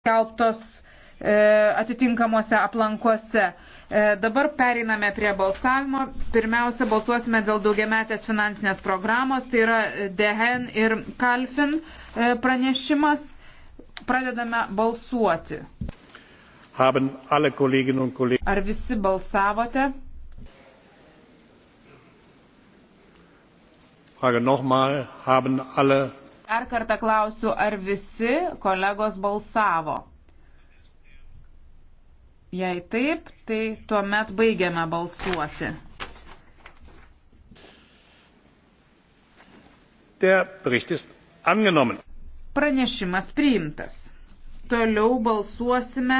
skelbtos e, atitinkamuose aplankuose. E, dabar pereiname prie balsavimo. Pirmiausia, balsuosime dėl daugiametės finansinės programos, tai yra Dehen ir Kalfin e, pranešimas. Pradedame balsuoti. Ar visi balsavote? Frage nochmal, haben alle Dar kartą klausiu, ar visi kolegos balsavo? Jei taip, tai tuomet baigiame balsuoti. Pranešimas priimtas. Toliau balsuosime.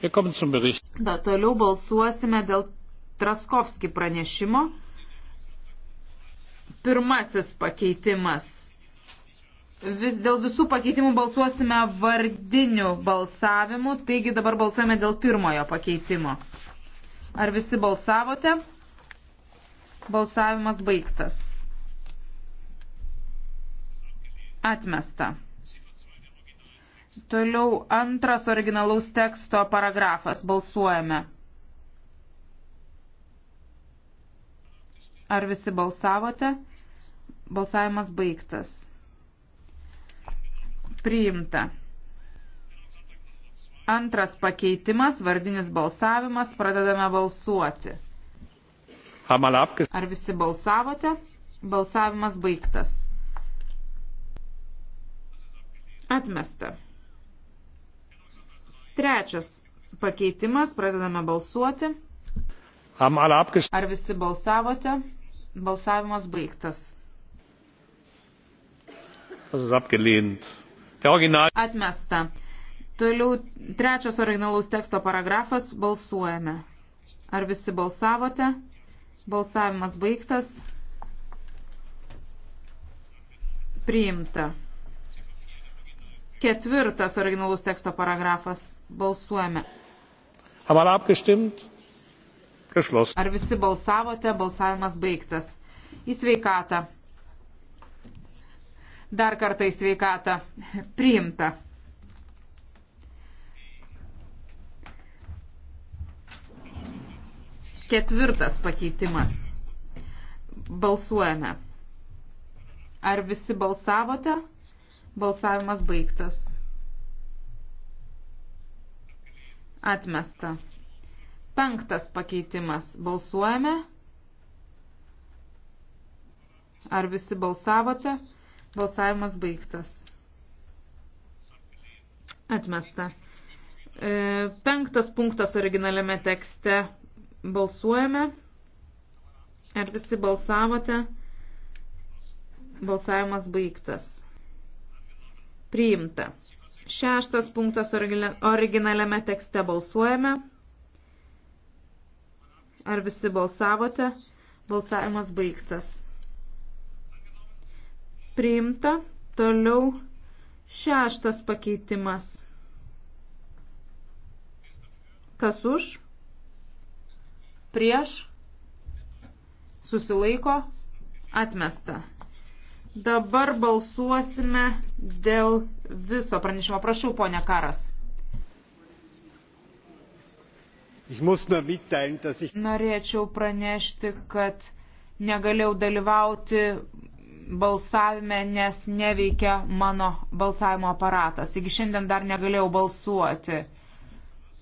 Da, toliau balsuosime dėl Traskovski pranešimo. Pirmasis pakeitimas. Vis dėl visų pakeitimų balsuosime vardiniu balsavimu, taigi dabar balsuojame dėl pirmojo pakeitimo. Ar visi balsavote? Balsavimas baigtas. Atmesta. Toliau antras originalaus teksto paragrafas. Balsuojame. Ar visi balsavote? Balsavimas baigtas. Priimta. Antras pakeitimas, vardinis balsavimas, pradedame balsuoti. Ar visi balsavote? Balsavimas baigtas. Atmesta. Trečias pakeitimas, pradedame balsuoti. Ar visi balsavote? Balsavimas baigtas. Atmesta. Toliau trečias originalaus teksto paragrafas. Balsuojame. Ar visi balsavote? Balsavimas baigtas. Priimta. Ketvirtas originalus teksto paragrafas. Balsuojame. Haben alle abgestimmt? Geschlossen. Ar visi balsavote? Balsavimas baigtas. Į sveikatą. Dar kartą į sveikatą. Priimta. Ketvirtas pakeitimas. Balsuojame. Ar visi balsavote? Balsavimas baigtas. Atmesta. Penktas pakeitimas. Balsuojame. Ar visi balsavote? Balsavimas baigtas. Atmesta. E, penktas punktas originaliame tekste. Balsuojame. Ar visi balsavote? Balsavimas baigtas. Priimta. Šeštas punktas originaliame tekste balsuojame. Ar visi balsavote? Balsavimas baigtas. Priimta. Toliau šeštas pakeitimas. Kas už? Prieš? Susilaiko? Atmesta. Dabar balsuosime dėl viso pranešimo. Prašau, ponia Karas. Norėčiau pranešti, kad negalėjau dalyvauti balsavime, nes neveikia mano balsavimo aparatas. Taigi šiandien dar negalėjau balsuoti.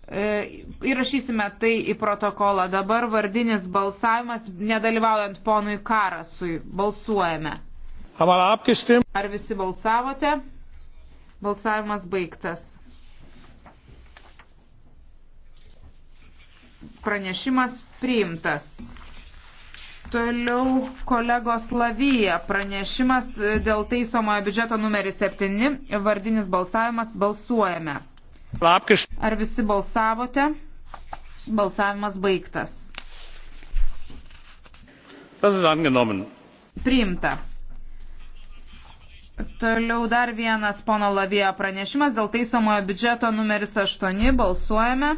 E, įrašysime tai į protokolą. Dabar vardinis balsavimas, nedalyvaujant ponui Karasui. Balsuojame. Ar visi balsavote? Balsavimas baigtas. pranešimas priimtas. Toliau kolegos Lavyje pranešimas e, dėl teisomojo biudžeto numeris 7, vardinis balsavimas, balsuojame. Ar visi balsavote? Balsavimas baigtas. Priimta. Toliau dar vienas pono Lavyje pranešimas dėl teisomojo biudžeto numeris 8, balsuojame.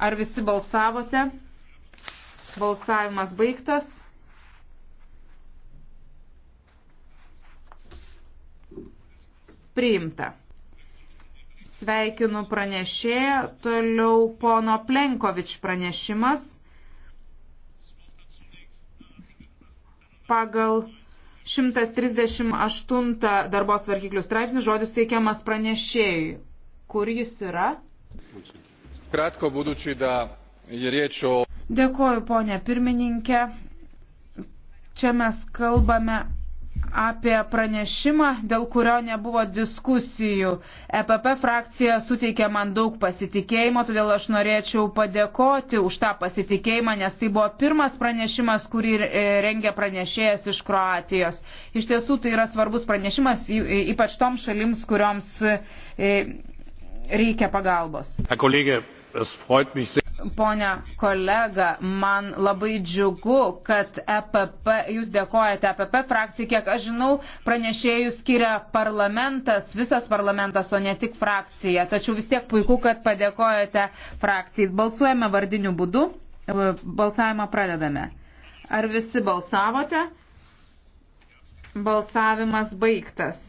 Ar visi balsavote? Balsavimas baigtas. Priimta. Sveikinu pranešėją. Toliau pono Plenkovič pranešimas. Pagal 138 darbos varkiklių straipsnį žodis teikiamas pranešėjui. Kur jis yra? Ačiū kratko budući da je riječ o. Dėkoju, ponė pirmininkė. Čia mes kalbame apie pranešimą, dėl kurio nebuvo diskusijų. EPP frakcija suteikė man daug pasitikėjimo, todėl aš norėčiau padėkoti už tą pasitikėjimą, nes tai buvo pirmas pranešimas, kurį rengė pranešėjas iš Kroatijos. Iš tiesų tai yra svarbus pranešimas, ypač toms šalims, kurioms e, reikia pagalbos. A, kolegė, Pone kolega, man labai džiugu, kad EPP, jūs dėkojate EPP frakcijai, kiek aš žinau, pranešėjus skiria parlamentas, visas parlamentas, o ne tik frakcija. Tačiau vis tiek puiku, kad padėkojate frakcijai. Balsuojame vardiniu būdu, balsavimą pradedame. Ar visi balsavote? Balsavimas baigtas.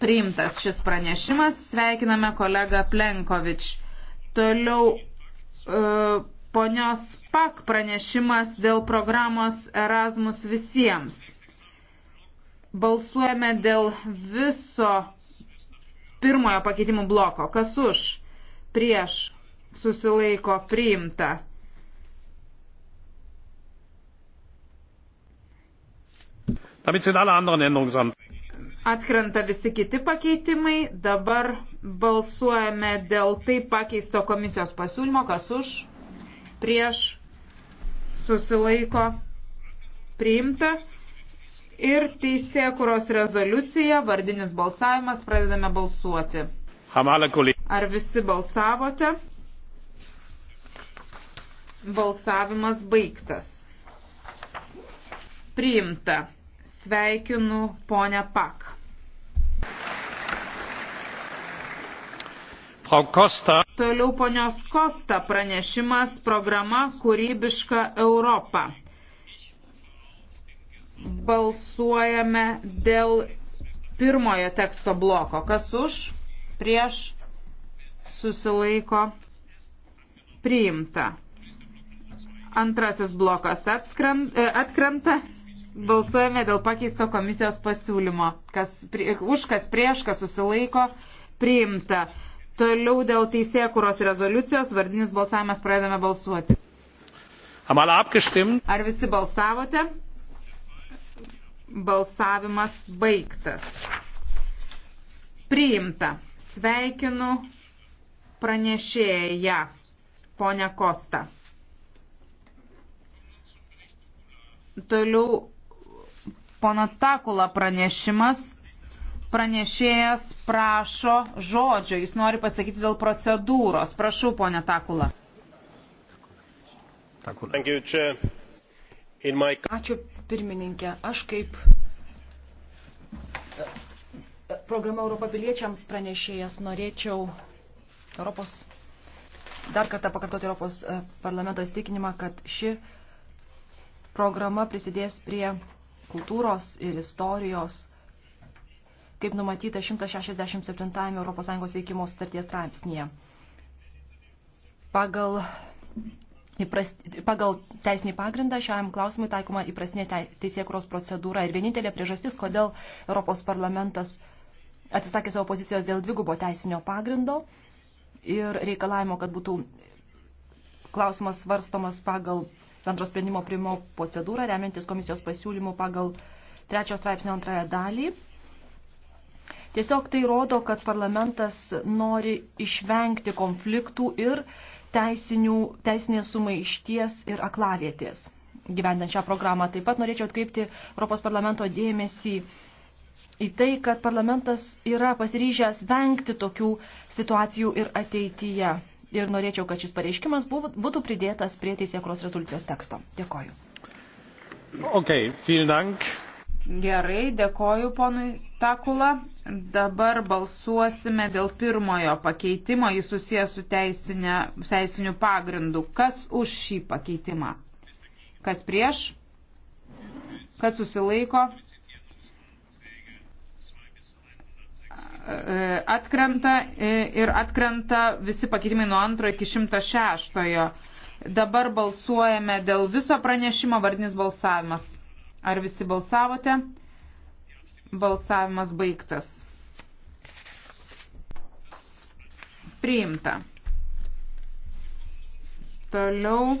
priimtas šis pranešimas. Sveikiname kolegą Plenkovič. Toliau e, ponios Pak pranešimas dėl programos Erasmus visiems. Balsuojame dėl viso pirmojo pakeitimų bloko. Kas už? Prieš susilaiko priimta. Damit sind alle anderen Änderungsanträge. Atkrenta visi kiti pakeitimai. Dabar balsuojame dėl taip pakeisto komisijos pasiūlymo, kas už, prieš, susilaiko, priimta. Ir teisė, kurios rezoliucija, vardinis balsavimas, pradedame balsuoti. Ar visi balsavote? Balsavimas baigtas. Priimta. Sveikinu ponę Pak. Toliau ponios Kosta pranešimas programa Kūrybiška Europa. Balsuojame dėl pirmojo teksto bloko. Kas už, prieš, susilaiko, priimta. Antrasis blokas e, atkrenta. Balsuojame dėl pakeisto komisijos pasiūlymo. Kas, prie, už, kas prieš, kas susilaiko, priimta. Toliau dėl teisėkuros rezoliucijos vardinis balsavimas pradedame balsuoti. Ar visi balsavote? Balsavimas baigtas. Priimta. Sveikinu pranešėją, ponę Kostą. Toliau pono Takula pranešimas pranešėjas prašo žodžio, jis nori pasakyti dėl procedūros. Prašau, ponė Takula. Ačiū pirmininkė. Aš kaip e, e, programa Europapiliečiams pranešėjas norėčiau Europos, dar kartą pakartoti Europos e, parlamento įstikinimą, kad ši programa prisidės prie kultūros ir istorijos kaip numatyta 167 ES veikimo sutarties straipsnėje. Pagal, įprast, pagal teisinį pagrindą šiam klausimui taikoma įprastinė teisėkros procedūra ir vienintelė priežastis, kodėl Europos parlamentas atsisakė savo pozicijos dėl dvigubo teisinio pagrindo ir reikalavimo, kad būtų klausimas svarstomas pagal bendro sprendimo priimo procedūrą, remiantis komisijos pasiūlymų pagal trečio straipsnio antrąją dalį Tiesiog tai rodo, kad parlamentas nori išvengti konfliktų ir teisinių, teisinės sumaišties ir aklavietės. Gyvendant šią programą taip pat norėčiau atkreipti Europos parlamento dėmesį į tai, kad parlamentas yra pasiryžęs vengti tokių situacijų ir ateityje. Ir norėčiau, kad šis pareiškimas būtų pridėtas prie teisėkros rezoliucijos teksto. Dėkoju. Okay, vielen Dank. Gerai, dėkoju ponui Takula. Dabar balsuosime dėl pirmojo pakeitimo. Jis susijęs su teisinė, teisiniu pagrindu. Kas už šį pakeitimą? Kas prieš? Kas susilaiko? E, atkrenta e, ir atkrenta visi pakeitimai nuo antro iki 106. Dabar balsuojame dėl viso pranešimo vardinis balsavimas. Ar visi balsavote? Balsavimas baigtas. Priimta. Toliau.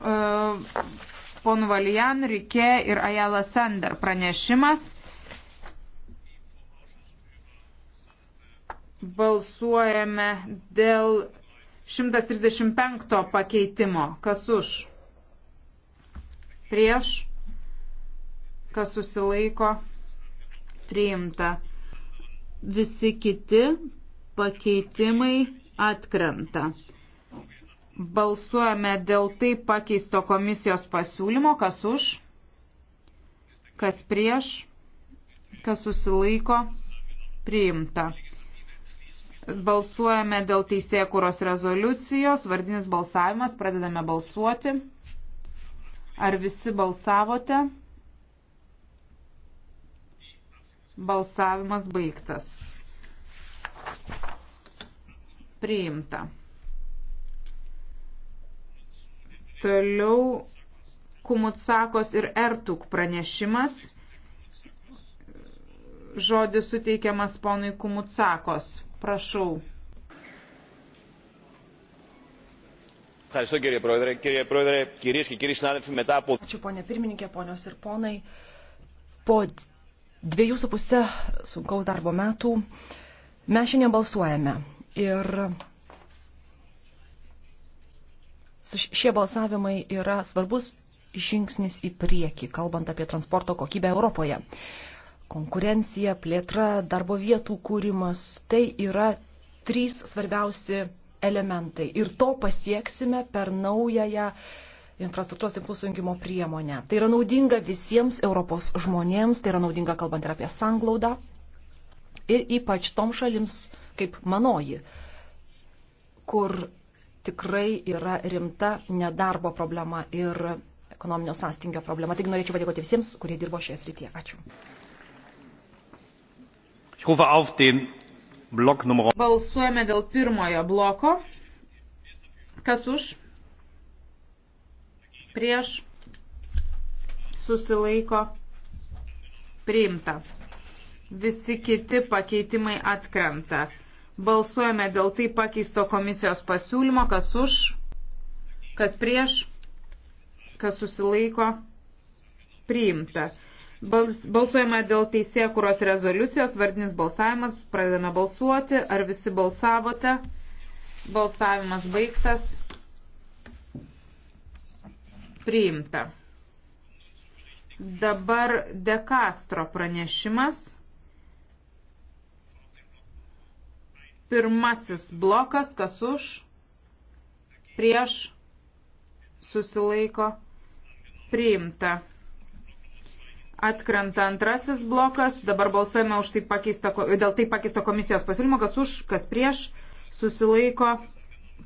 E, Pon Valijan, Rike ir Ajala Sender pranešimas. Balsuojame dėl 135 pakeitimo. Kas už? prieš, kas susilaiko, priimta. Visi kiti pakeitimai atkrenta. Balsuojame dėl taip pakeisto komisijos pasiūlymo, kas už, kas prieš, kas susilaiko, priimta. Balsuojame dėl teisėkuros rezoliucijos, vardinis balsavimas, pradedame balsuoti. Ar visi balsavote? Balsavimas baigtas. Priimta. Toliau Kumutsakos ir Ertuk pranešimas. Žodis suteikiamas ponui Kumutsakos. Prašau. Ačiū, ponė pirmininkė, ponios ir ponai. Po dviejų su pusę sunkaus darbo metų mes šiandien balsuojame. Ir šie balsavimai yra svarbus žingsnis į priekį, kalbant apie transporto kokybę Europoje. Konkurencija, plėtra, darbo vietų kūrimas - tai yra trys svarbiausi elementai. Ir to pasieksime per naująją infrastruktūros impulsų jungimo priemonę. Tai yra naudinga visiems Europos žmonėms, tai yra naudinga kalbant ir apie sanglaudą ir ypač tom šalims kaip manoji, kur tikrai yra rimta nedarbo problema ir ekonominio sąstingio problema. Taigi norėčiau padėkoti visiems, kurie dirbo šioje srityje. Ačiū. Ich rufe auf den blok numero. Balsuojame dėl pirmojo bloko. Kas už? Prieš susilaiko priimta. Visi kiti pakeitimai atkrenta. Balsuojame dėl tai pakeisto komisijos pasiūlymo, kas už, kas prieš, kas susilaiko priimta. Bals, balsuojama dėl teisėkuros rezoliucijos, vardinis balsavimas, pradedame balsuoti, ar visi balsavote, balsavimas baigtas, priimta. Dabar De Castro pranešimas. Pirmasis blokas, kas už, prieš, susilaiko, priimta. Atkrenta antrasis blokas, dabar balsuojame už tai pakeista, dėl tai pakeisto komisijos pasiūlymo, kas už, kas prieš, susilaiko,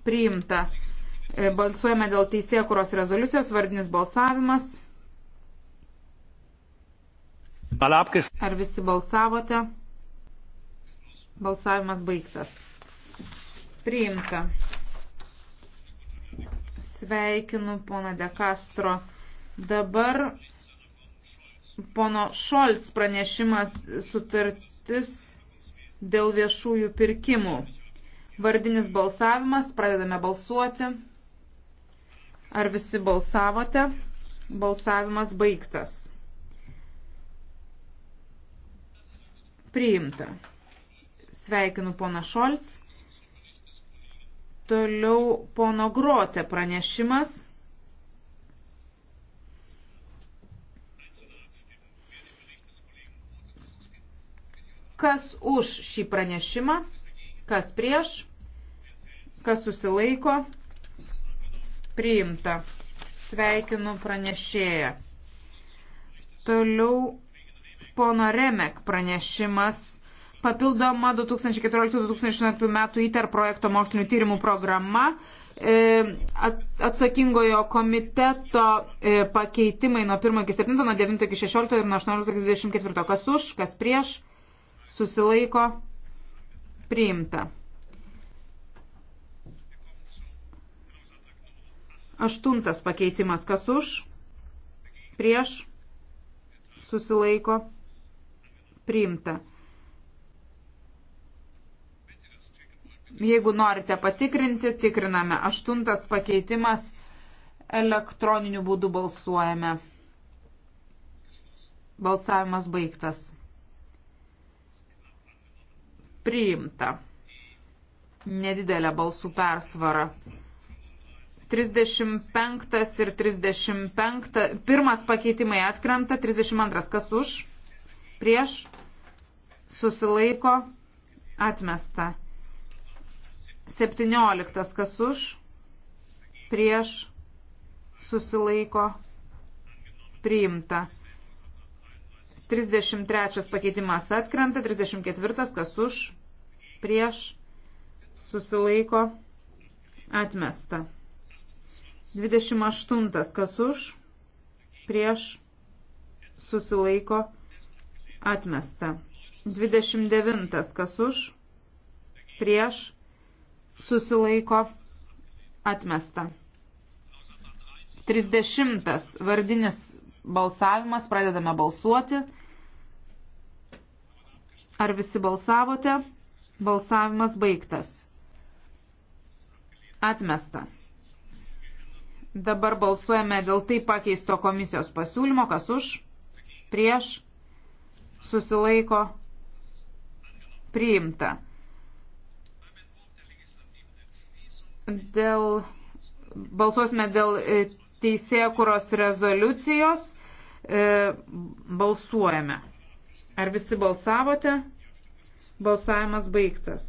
priimta. E, balsuojame dėl teisėkuros rezoliucijos, vardinis balsavimas. Ar visi balsavote? Balsavimas baigtas. Priimta. Sveikinu, pona De Castro. Dabar pono Šolts pranešimas sutartis dėl viešųjų pirkimų. Vardinis balsavimas, pradedame balsuoti. Ar visi balsavote? Balsavimas baigtas. Priimta. Sveikinu pona Šolts. Toliau pono Grote pranešimas. Kas už šį pranešimą, kas prieš, kas susilaiko, priimta. Sveikinu pranešėją. Toliau pono Remek pranešimas papildoma 2014-2016 metų ITER projekto mokslinių tyrimų programa, e, atsakingojo komiteto e, pakeitimai nuo 1 iki 7, nuo 9 iki 16 ir nuo 18 iki 24. Kas už, kas prieš, susilaiko, priimta. Aštuntas pakeitimas, kas už, prieš, susilaiko, priimta. Jeigu norite patikrinti, tikriname. Aštuntas pakeitimas elektroniniu būdu balsuojame. Balsavimas baigtas priimta nedidelę balsų persvarą. 35 ir 35, pirmas pakeitimai atkrenta, 32 kas už, prieš, susilaiko, atmesta. 17 kas už, prieš, susilaiko, priimta. 33 pakeitimas atkrenta, 34 kas už, prieš, susilaiko, atmesta. 28 kas už, prieš, susilaiko, atmesta. 29 kas už, prieš, susilaiko, atmesta. 30 vardinis balsavimas, pradedame balsuoti. Ar visi balsavote? Balsavimas baigtas. Atmesta. Dabar balsuojame dėl taip pakeisto komisijos pasiūlymo, kas už, prieš, susilaiko, priimta. Dėl, balsuosime dėl e, teisėkuros rezoliucijos, e, balsuojame. Ar visi balsavote? Balsavimas baigtas.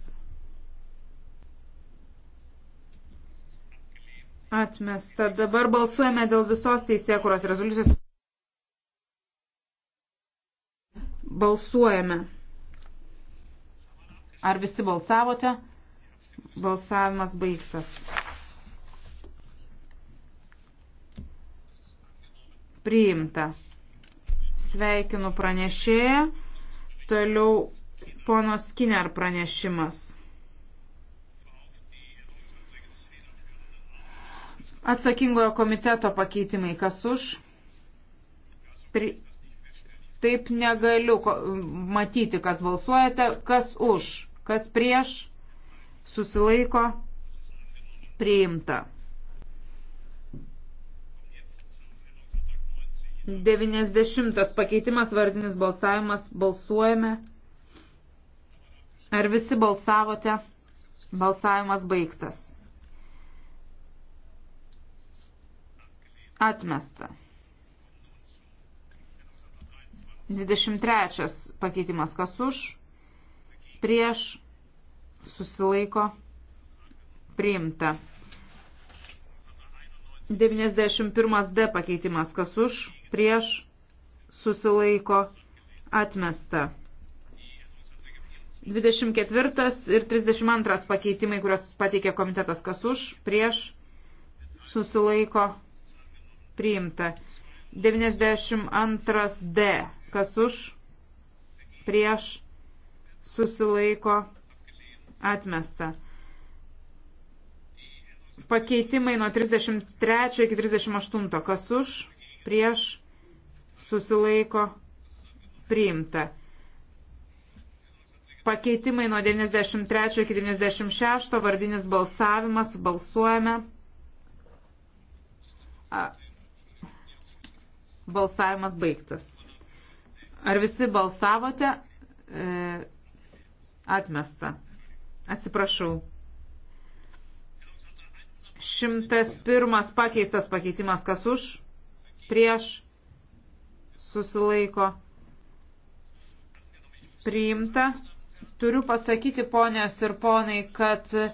Atmesta. Dabar balsuojame dėl visos teisėkuros rezoliucijos. Balsuojame. Ar visi balsavote? Balsavimas baigtas. Priimta. Sveikinu pranešėją. Toliau ponos Skiner pranešimas. Atsakingojo komiteto pakeitimai, kas už? Pri... Taip negaliu matyti, kas balsuojate, kas už, kas prieš, susilaiko, priimta. 90 pakeitimas, vardinis balsavimas, balsuojame. Ar visi balsavote? Balsavimas baigtas. Atmesta. 23 pakeitimas kas už, prieš, susilaiko, priimta. 91 D pakeitimas kas už, prieš, susilaiko, atmesta. 24 ir 32 pakeitimai, kurios pateikė komitetas kas už, prieš, susilaiko, priimta. 92 D, kas už, prieš, susilaiko, atmesta. Pakeitimai nuo 33 iki 38, kas už, prieš, susilaiko, priimta. Pakeitimai nuo 93 iki 96, vardinis balsavimas, balsuojame. Balsavimas baigtas. Ar visi balsavote? E, atmesta. Atsiprašau. 101 pakeistas pakeitimas kas už, prieš, susilaiko, priimta. Turiu pasakyti, ponios ir ponai, kad e,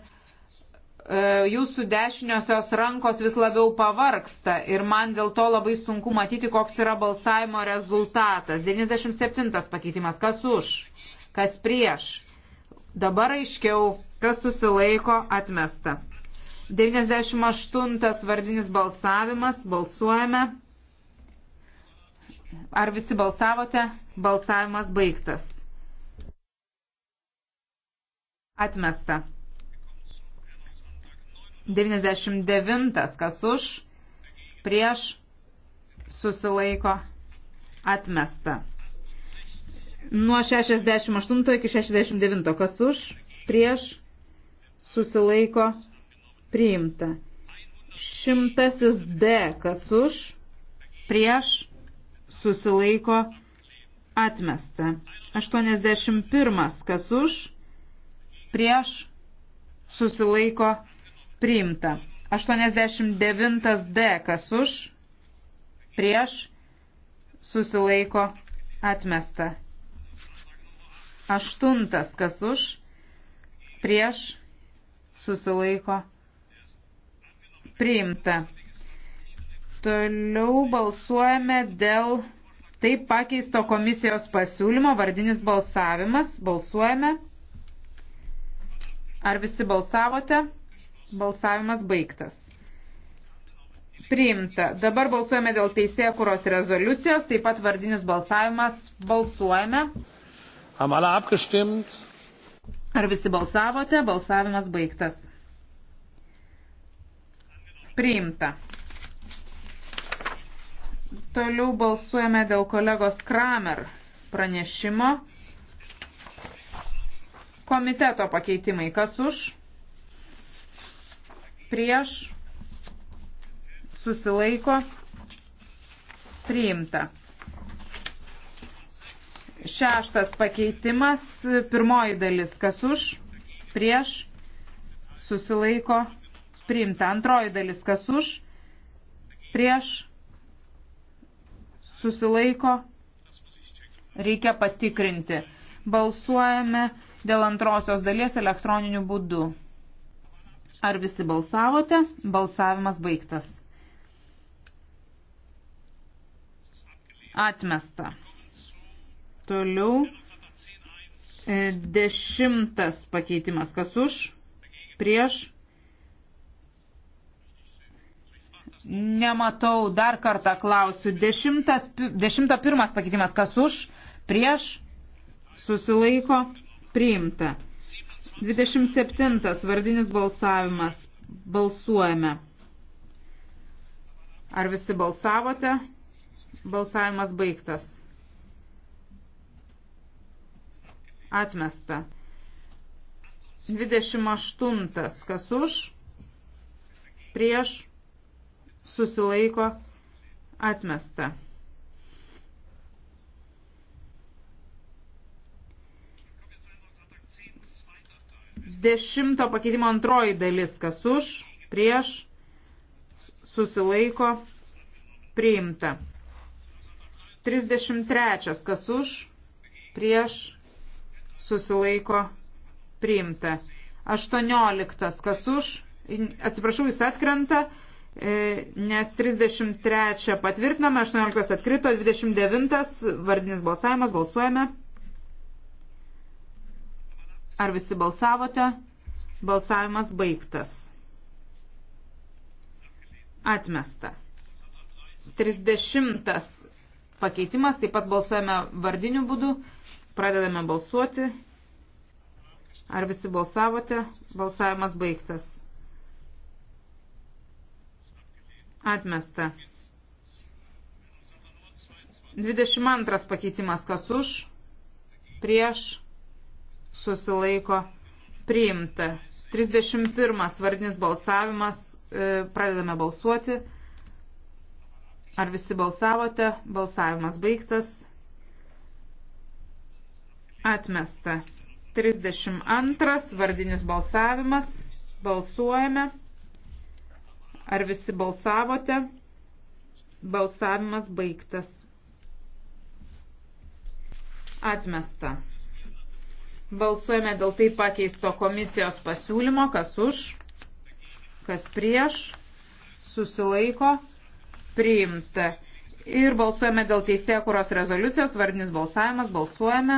jūsų dešiniosios rankos vis labiau pavarksta ir man dėl to labai sunku matyti, koks yra balsavimo rezultatas. 97 pakeitimas, kas už, kas prieš. Dabar aiškiau, kas susilaiko, atmesta. 98 vardinis balsavimas, balsuojame. Ar visi balsavote? Balsavimas baigtas. Atmesta. 99. Kas už? Prieš? Susilaiko. Atmesta. Nuo 68 iki 69. Kas už? Prieš? Susilaiko. Priimta. Šimtasis D. Kas už? Prieš? Susilaiko. Atmesta. 81. Kas už? prieš susilaiko priimta. 89 D, kas už, prieš susilaiko atmesta. 8, kas už, prieš susilaiko priimta. Toliau balsuojame dėl taip pakeisto komisijos pasiūlymo vardinis balsavimas. Balsuojame. Ar visi balsavote? Balsavimas baigtas. Priimta. Dabar balsuojame dėl teisėjų kuros rezoliucijos, taip pat vardinis balsavimas. Balsuojame. Ar visi balsavote? Balsavimas baigtas. Priimta. Toliau balsuojame dėl kolegos Kramer pranešimo komiteto pakeitimai. Kas už? Prieš? Susilaiko? Priimta. Šeštas pakeitimas, pirmoji dalis. Kas už? Prieš? Susilaiko? Priimta. Antroji dalis. Kas už? Prieš? Susilaiko? Reikia patikrinti. Balsuojame dėl antrosios dalies elektroniniu būdu. Ar visi balsavote? Balsavimas baigtas. Atmesta. Toliau. E, dešimtas pakeitimas. Kas už? Prieš? Nematau, dar kartą klausiu. Dešimtas, dešimta pirmas pakeitimas, kas už, prieš, susilaiko, priimta. 27. Vardinis balsavimas. Balsuojame. Ar visi balsavote? Balsavimas baigtas. Atmesta. 28. Kas už? Prieš? Susilaiko? Atmesta. Dešimto pakeitimo antroji dalis, kas už, prieš, susilaiko, priimta. 33, kas už, prieš, susilaiko, priimta. 18, kas už, atsiprašau, jis atkrenta, e, nes 33 patvirtiname, 18 atkrito, 29 vardinis balsavimas, balsuojame. Ar visi balsavote? Balsavimas baigtas. Atmesta. 30 pakeitimas, taip pat balsuojame vardiniu būdu, pradedame balsuoti. Ar visi balsavote? Balsavimas baigtas. Atmesta. 22 pakeitimas kas už, prieš, susilaiko priimta. 31 vardinis balsavimas, e, pradedame balsuoti. Ar visi balsavote? Balsavimas baigtas. Atmesta. 32 vardinis balsavimas. Balsuojame. Ar visi balsavote? Balsavimas baigtas. Atmesta. Balsuojame dėl taip pakeisto komisijos pasiūlymo, kas už, kas prieš, susilaiko, priimta. Ir balsuojame dėl teisėkuros rezoliucijos, vardinis balsavimas, balsuojame.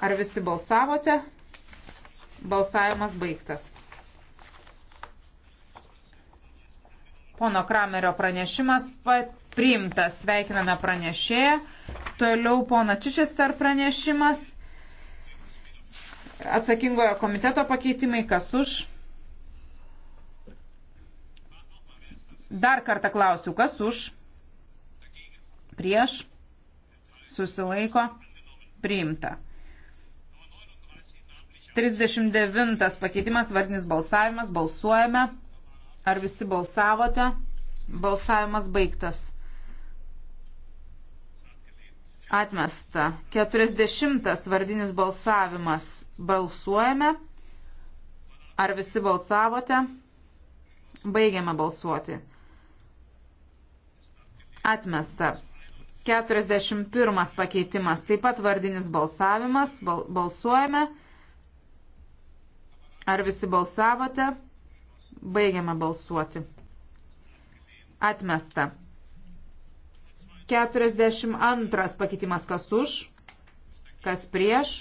Ar visi balsavote? Balsavimas baigtas. Pono Kramerio pranešimas priimtas. Sveikiname pranešėją. Toliau pono Čičester pranešimas. Atsakingojo komiteto pakeitimai, kas už? Dar kartą klausiu, kas už? Prieš? Susilaiko? Priimta. 39 pakeitimas, vardinis balsavimas, balsuojame. Ar visi balsavote? Balsavimas baigtas. Atmesta. 40 vardinis balsavimas. Balsuojame. Ar visi balsavote? Baigiame balsuoti. Atmesta. 41 pakeitimas. Taip pat vardinis balsavimas. Bal balsuojame. Ar visi balsavote? Baigiame balsuoti. Atmesta. 42 pakeitimas kas už, kas prieš,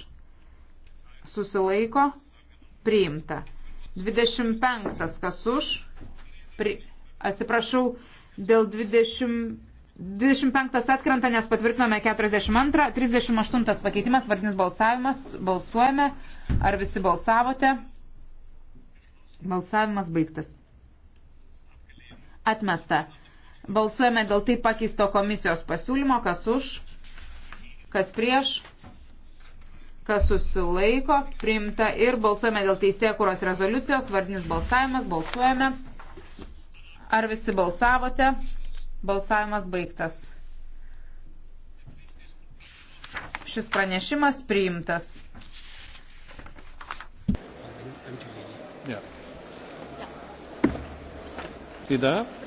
susilaiko, priimta. 25 kas už, pri, atsiprašau, dėl 20. 25 atkrenta, nes patvirtinome 42, 38 pakeitimas, vardinis balsavimas, balsuojame, ar visi balsavote. Balsavimas baigtas. Atmesta. Balsuojame dėl taip pakeisto komisijos pasiūlymo, kas už, kas prieš, kas susilaiko, priimta ir balsuojame dėl teisėkuros rezoliucijos, vardinis balsavimas, balsuojame. Ar visi balsavote? Balsavimas baigtas. Šis pranešimas priimtas. Yeah. Did that?